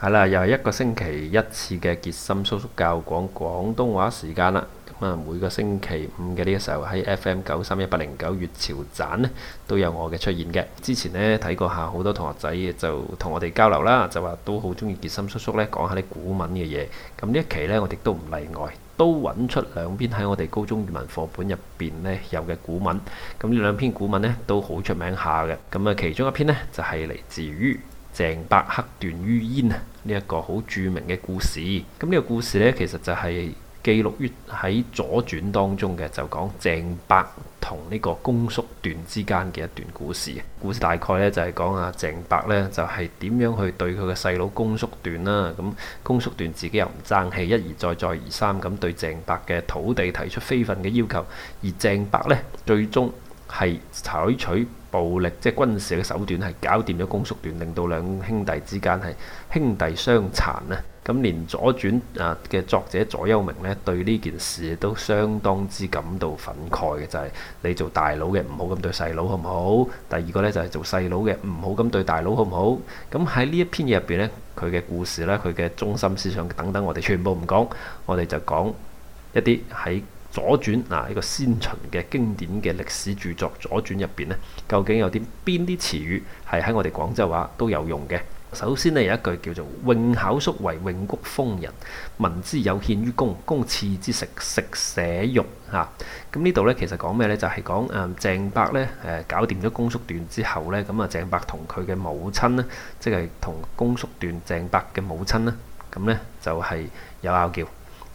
係啦，又係一個星期一次嘅傑森叔叔教講廣東話時間啦。咁啊，每個星期五嘅呢個時候喺 FM 九三一八零九粵潮盞咧，都有我嘅出現嘅。之前咧睇過下好多同學仔就同我哋交流啦，就話都好中意傑森叔叔咧講下啲古文嘅嘢。咁呢一期咧，我哋都唔例外，都揾出兩篇喺我哋高中語文課本入邊咧有嘅古文。咁呢兩篇古文咧都好出名下嘅。咁啊，其中一篇咧就係嚟自於。，鄭伯克段於焉呢一個好著名嘅故事。咁呢個故事呢，其實就係記錄於喺左傳當中嘅，就講鄭伯同呢個公叔段之間嘅一段故事。故事大概呢，就係、是、講啊，鄭伯呢，就係、是、點樣去對佢嘅細佬公叔段啦、啊。咁公叔段自己又唔爭氣，一而再，再，再而三咁對鄭伯嘅土地提出非分嘅要求，而鄭伯呢，最終。係採取暴力，即係軍事嘅手段，係搞掂咗共叔段，令到兩兄弟之間係兄弟相殘啊！咁連左傳啊嘅作者左丘明呢，對呢件事都相當之感到憤慨嘅，就係你做大佬嘅唔好咁對細佬好唔好？第二個呢，就係做細佬嘅唔好咁對大佬好唔好？咁喺呢一篇嘢入邊呢，佢嘅故事咧，佢嘅中心思想等等，我哋全部唔講，我哋就講一啲喺。左傳嗱，一、啊呢個先秦嘅經典嘅歷史著作《左傳》入邊咧，究竟有啲邊啲詞語係喺我哋廣州話都有用嘅？首先咧，有一句叫做「潁考叔為潁谷封人，聞之有獻於公，公賜之食，食舍肉」嚇、啊。咁呢度咧其實講咩咧？就係講誒鄭伯咧誒搞掂咗共叔段之後咧，咁啊鄭伯同佢嘅母親咧，即係同共叔段鄭伯嘅母親咧，咁咧就係有拗撬。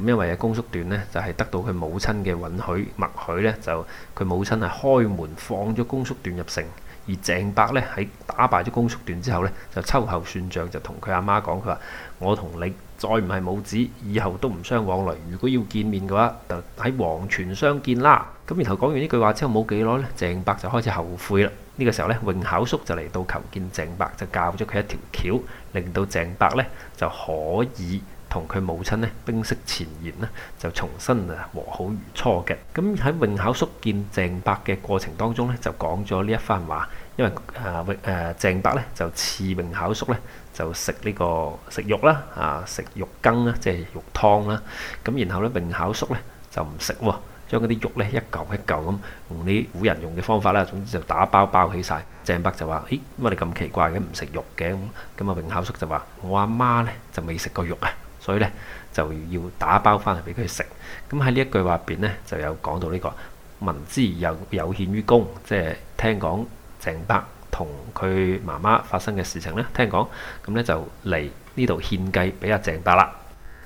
咁因為公叔段咧就係得到佢母親嘅允許默許咧，就佢母親係開門放咗公叔段入城。而鄭伯咧喺打敗咗公叔段之後咧，就秋後算賬，就同佢阿媽講：佢話我同你再唔係母子，以後都唔相往來。如果要見面嘅話，就喺黃泉相見啦。咁然後講完呢句話之後冇幾耐咧，鄭伯就開始後悔啦。呢個時候咧，潁考叔就嚟到求見鄭伯，就教咗佢一條橋，令到鄭伯咧就可以。同佢母親呢，冰釋前嫌呢，就重新啊和好如初嘅。咁喺潁考叔見鄭伯嘅過程當中呢，就講咗呢一番話。因為啊潁誒鄭伯呢，就賜潁考叔呢，就食呢、呢個食肉啦啊食肉羹啦，即係肉湯啦。咁然後呢，潁考叔呢，就唔食喎，將嗰啲肉呢，一嚿一嚿咁用啲古人用嘅方法啦，總之就打包包起晒。鄭伯就話：咦，乜你咁奇怪嘅唔食肉嘅咁咁啊？潁考叔就話：我阿媽呢，就未食過肉啊。所以咧就要打包翻嚟俾佢食。咁喺呢一句話入邊咧，就有講到呢、這個聞之有有獻於公，即係聽講鄭伯同佢媽媽發生嘅事情咧。聽講咁咧就嚟呢度獻祭俾阿鄭伯啦。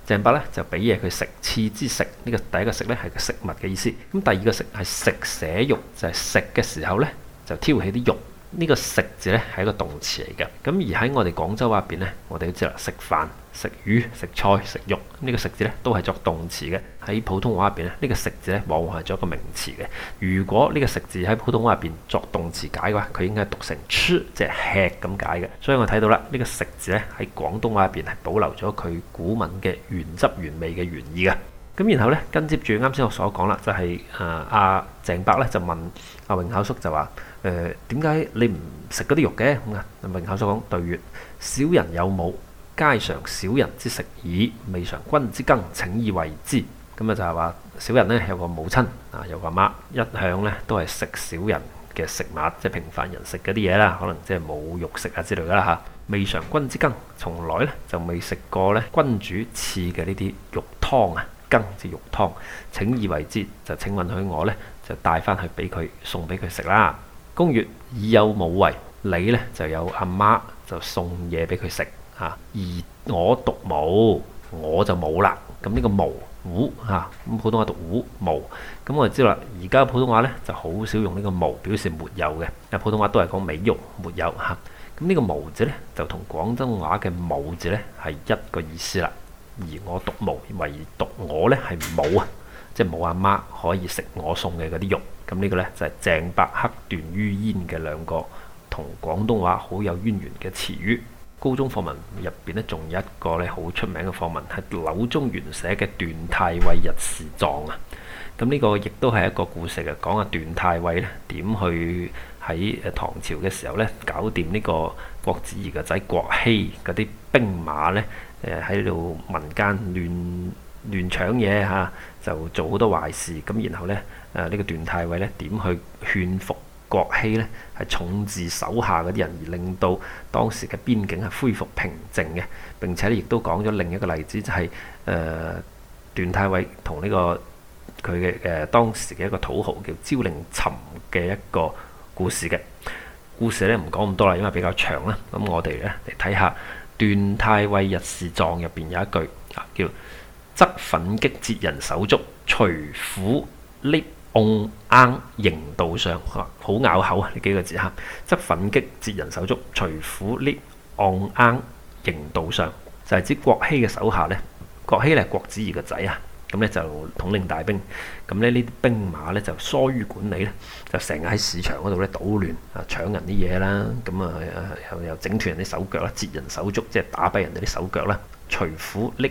鄭伯咧就俾嘢佢食。賜之食呢個第一個食咧係食物嘅意思。咁第二個食係食舍肉，就係、是、食嘅時候咧就挑起啲肉。呢、這個食字咧係一個動詞嚟嘅。咁而喺我哋廣州話入邊咧，我哋都知道食飯。食魚、食菜、食肉，呢個食字咧都係作動詞嘅。喺普通話入邊咧，呢個食字咧往往係作一個名詞嘅。如果呢個食字喺普通話入邊作動詞解嘅話，佢應該係讀成吃，即係吃咁解嘅。所以我睇到啦，呢個食字咧喺廣東話入邊係保留咗佢古文嘅原汁原味嘅原意嘅。咁然後咧，跟接住啱先我所講啦，就係誒阿鄭伯咧就問阿榮考叔就話：誒點解你唔食嗰啲肉嘅？咁啊，榮考叔講對曰小人有冇？皆常小人之食，以未嘗君之羹，請以遺之。咁啊，就係話小人呢有個母親啊，有個阿媽一向呢都係食小人嘅食物，即係平凡人食嗰啲嘢啦，可能即係冇肉食啊之類啦嚇。未嘗君之羹，從來呢就未食過呢君主賜嘅呢啲肉湯啊羹之肉湯。請以遺之，就請允許我呢，就帶翻去俾佢送俾佢食啦。公曰，已有母遺，你呢就有阿媽就送嘢俾佢食。嚇，而我獨無」，我就冇啦。咁呢個無，冇嚇。咁、嗯、普通話讀冇，咁我就知啦。而家普通話咧就好少用呢個無表示沒有嘅，因普通話都係講美玉沒有嚇。咁呢個無字咧就同廣東話嘅冇」字咧係一個意思啦。而我獨無，唯獨我咧係冇啊，即係冇阿媽可以食我送嘅嗰啲肉。咁呢個咧就係鄭伯克段于鄢嘅兩個同廣東話好有淵源嘅詞語。高中課文入邊咧，仲有一個咧好出名嘅課文，係柳宗元寫嘅《段太尉逸事狀》啊。咁呢個亦都係一個故事啊，講阿段太尉咧點去喺誒唐朝嘅時候咧，搞掂呢個郭子儀嘅仔郭晞嗰啲兵馬咧，誒喺度民間亂亂搶嘢吓，就做好多壞事。咁然後咧，誒、這、呢個段太尉咧點去勸服？國希呢係重治手下嗰啲人，而令到當時嘅邊境係恢復平靜嘅。並且咧亦都講咗另一個例子，就係、是、誒、呃、段太尉同呢個佢嘅誒當時嘅一個土豪叫焦令沉嘅一個故事。嘅故事呢唔講咁多啦，因為比較長啦。咁我哋呢嚟睇下段太尉日事狀入邊有一句啊，叫則奮擊節人手足，除虎匿」。甕盎盈道上，好咬口啊！呢幾個字嚇，則奮擊截人手足，椎釜鬲甕盎盈道上，就係、是、指郭晞嘅手下咧。郭晞咧，郭子儀嘅仔啊，咁咧就統領大兵，咁咧呢啲兵馬咧就疏於管理咧，就成日喺市場嗰度咧搗亂啊，搶人啲嘢啦，咁啊又又整斷人啲手腳啦，截人手足，即係打跛人哋啲手腳啦，椎釜鬲。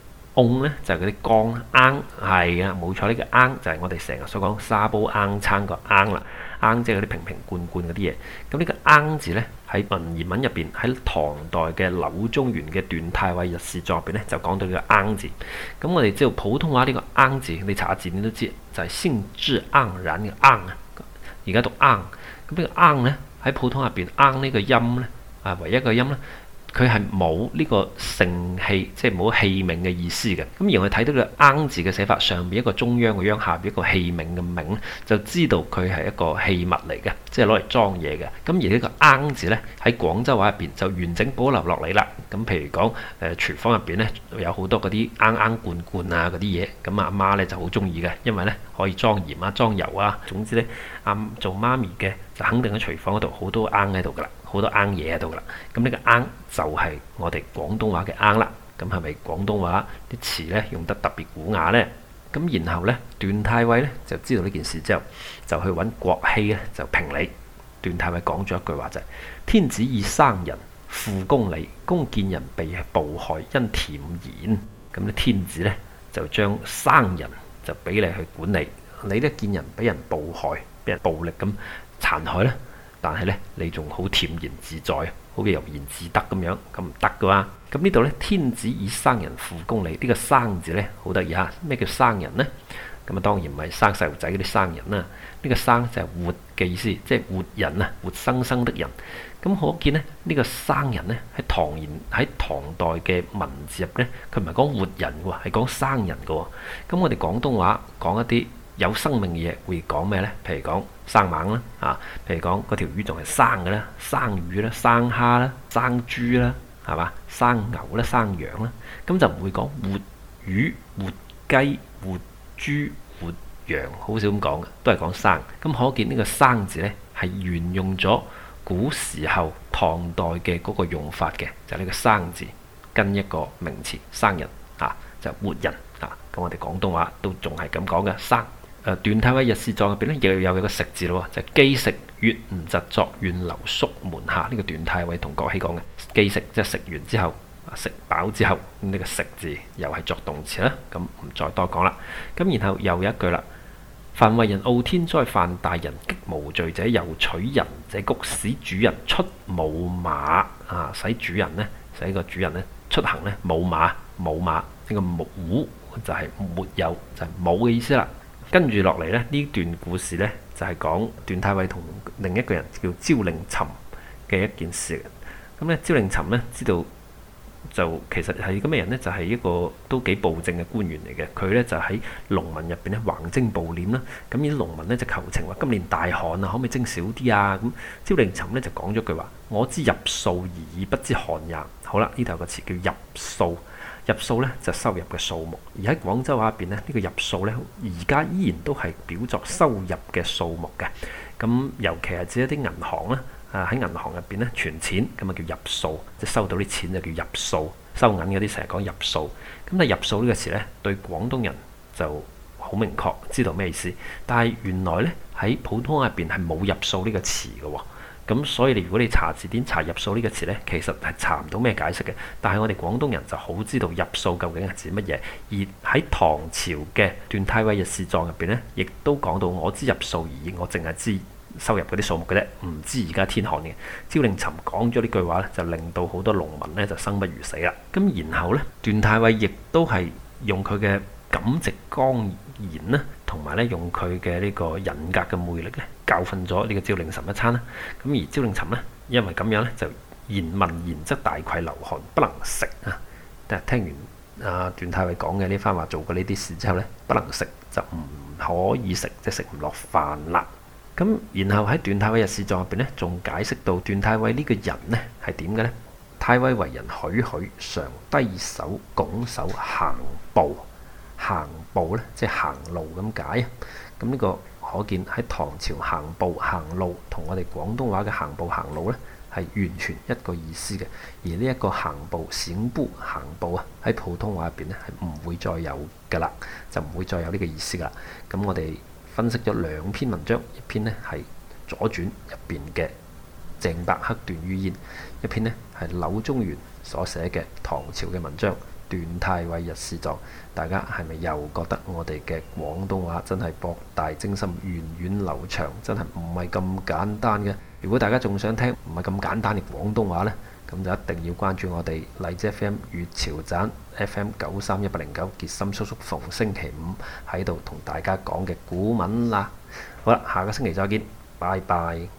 瓮咧、嗯、就係嗰啲缸，盎係啊，冇錯。呢、呢個盎、嗯、就係我哋成日所講沙煲盎、嗯、餐個盎啦。盎即係嗰啲瓶瓶罐罐嗰啲嘢。咁、嗯嗯嗯、呢個盎字咧喺文言文入邊，喺唐代嘅柳宗元嘅《段太尉逸事狀》入邊咧就講到呢個盎、嗯、字。咁、嗯、我哋知道普通話呢個盎、嗯、字，你查下字典都知，就係生機盎然嘅盎啊。而家讀盎、嗯，咁、嗯嗯嗯、呢個盎咧喺普通話入邊盎呢個音咧，啊唯一,一個音啦。佢係冇呢個盛器，即係冇器皿嘅意思嘅。咁而我睇到個罌字嘅寫法，上邊一個中央嘅央，下邊一個器皿嘅皿，就知道佢係一個器物嚟嘅，即係攞嚟裝嘢嘅。咁而個呢個罌字咧，喺廣州話入邊就完整保留落嚟啦。咁譬如講，誒、呃、廚房入邊咧，有好多嗰啲罌罌罐罐啊嗰啲嘢，咁阿媽咧就好中意嘅，因為咧可以裝鹽啊、裝油啊。總之咧，阿做媽咪嘅就肯定喺廚房嗰度好多罌喺度噶啦。好多啱嘢喺度啦，咁呢個啱就係我哋廣東話嘅啱啦。咁係咪廣東話啲詞咧用得特別古雅咧？咁然後咧，段太尉咧就知道呢件事之後，就去揾郭晞咧就評理。段太尉講咗一句話就係、是：天子以生人付公理，公見人被暴害，因恬然。」咁呢天子咧就將生人就俾你去管理，你咧見人俾人暴害，俾人暴力咁殘害咧。但係咧，你仲好恬然自在，好嘅悠然自得咁樣，咁唔得噶嘛。咁呢度咧，天子以生人負公理。呢個生字咧，好得意吓。咩叫生人呢？咁啊，當然唔係生細路仔嗰啲生人啦。呢個生就係、是、活嘅意思，即、就、係、是、活人啊，活生生的人。咁可見咧、這個，呢個生人咧喺唐言喺唐代嘅文字入面，佢唔係講活人喎，係講生人喎。咁我哋廣東話講一啲。有生命嘅嘢會講咩咧？譬如講生猛啦，啊，譬如講嗰條魚仲係生嘅啦，生魚啦，生蝦啦，生豬啦，係嘛？生牛啦，生羊啦，咁就唔會講活魚、活雞、活豬、活羊，好少咁講嘅，都係講生。咁可見呢個生字咧係沿用咗古時候唐代嘅嗰個用法嘅，就係呢個生字跟一個名詞生人啊，就活人啊。咁我哋廣東話都仲係咁講嘅生。誒段太尉逸事狀入邊咧，又有有個食字咯，就係、是、既食曰吾疾作，願留宿門下。呢、這個段太尉同郭晞講嘅既食，即係食完之後，食飽之後，呢、這個食字又係作動詞啦。咁唔再多講啦。咁然後又有一句啦，凡為人傲天災，犯大人擊無罪者，又取人者穀使主人出冇馬啊！使主人呢，使個主人呢出行呢，冇馬冇馬。呢、這個冇就係、是、沒有，就係冇、是、嘅意思啦。跟住落嚟咧，呢段故事咧就係講段太尉同另一個人叫焦令沉嘅一件事。咁咧，焦令沉咧知道。.就其實係咁嘅人呢？就係一個都幾暴政嘅官員嚟嘅。佢呢就喺農民入邊呢橫徵暴斂啦。咁啲農民呢就求情話，今年大旱啊，可唔可以徵少啲啊？咁、嗯、焦令諶呢就講咗句話，我知入數而已，不知旱也。好啦，呢度有個詞叫入數，入數呢就收入嘅數目。而喺廣州話入邊呢，呢個入數呢而家依然都係表作收入嘅數目嘅。咁尤其係指一啲銀行啦。啊！喺銀行入邊咧存錢咁啊叫入數，即係收到啲錢就叫入數，收銀嗰啲成日講入數。咁啊入數呢個詞咧，對廣東人就好明確，知道咩意思。但係原來咧喺普通話入邊係冇入數呢個詞嘅喎、哦。咁所以你如果你查字典查入數呢個詞咧，其實係查唔到咩解釋嘅。但係我哋廣東人就好知道入數究竟係指乜嘢。而喺唐朝嘅段太尉逸事狀入邊咧，亦都講到我知入數而已，我淨係知。收入嗰啲數目嘅啫，唔知而家天旱嘅。焦令諶講咗呢句話咧，就令到好多農民咧就生不如死啦。咁然後咧，段太尉亦都係用佢嘅感直光言咧，同埋咧用佢嘅呢個人格嘅魅力咧，教訓咗呢個焦令諶一餐啦。咁而焦令諶呢，因為咁樣咧就言問言則大愧流汗不能食啊。但係聽完阿、啊、段太尉講嘅呢番話，做過呢啲事之後咧，不能食就唔可以食，即係食唔落飯啦。咁，然後喺段太尉日事狀入邊咧，仲解釋到段太尉呢個人咧係點嘅咧？太尉為人，許許常低手拱手行步，行步咧即係行路咁解啊！咁、這、呢個可見喺唐朝行步行路，同我哋廣東話嘅行步行路咧係完全一個意思嘅。而呢一個行步閃步行步啊，喺普通話入邊咧係唔會再有㗎喇，就唔會再有呢個意思㗎喇。咁我哋。分析咗兩篇文章，一篇呢係左傳入邊嘅鄭伯克段于鄢》，一篇呢係柳宗元所寫嘅唐朝嘅文章《段太尉逸事狀》。大家係咪又覺得我哋嘅廣東話真係博大精深、源遠流長，真係唔係咁簡單嘅？如果大家仲想聽唔係咁簡單嘅廣東話呢？咁就一定要關注我哋荔枝 FM 粵潮站 FM 九三一八零九傑森叔叔逢星期五喺度同大家講嘅古文啦。好啦，下個星期再見，拜拜。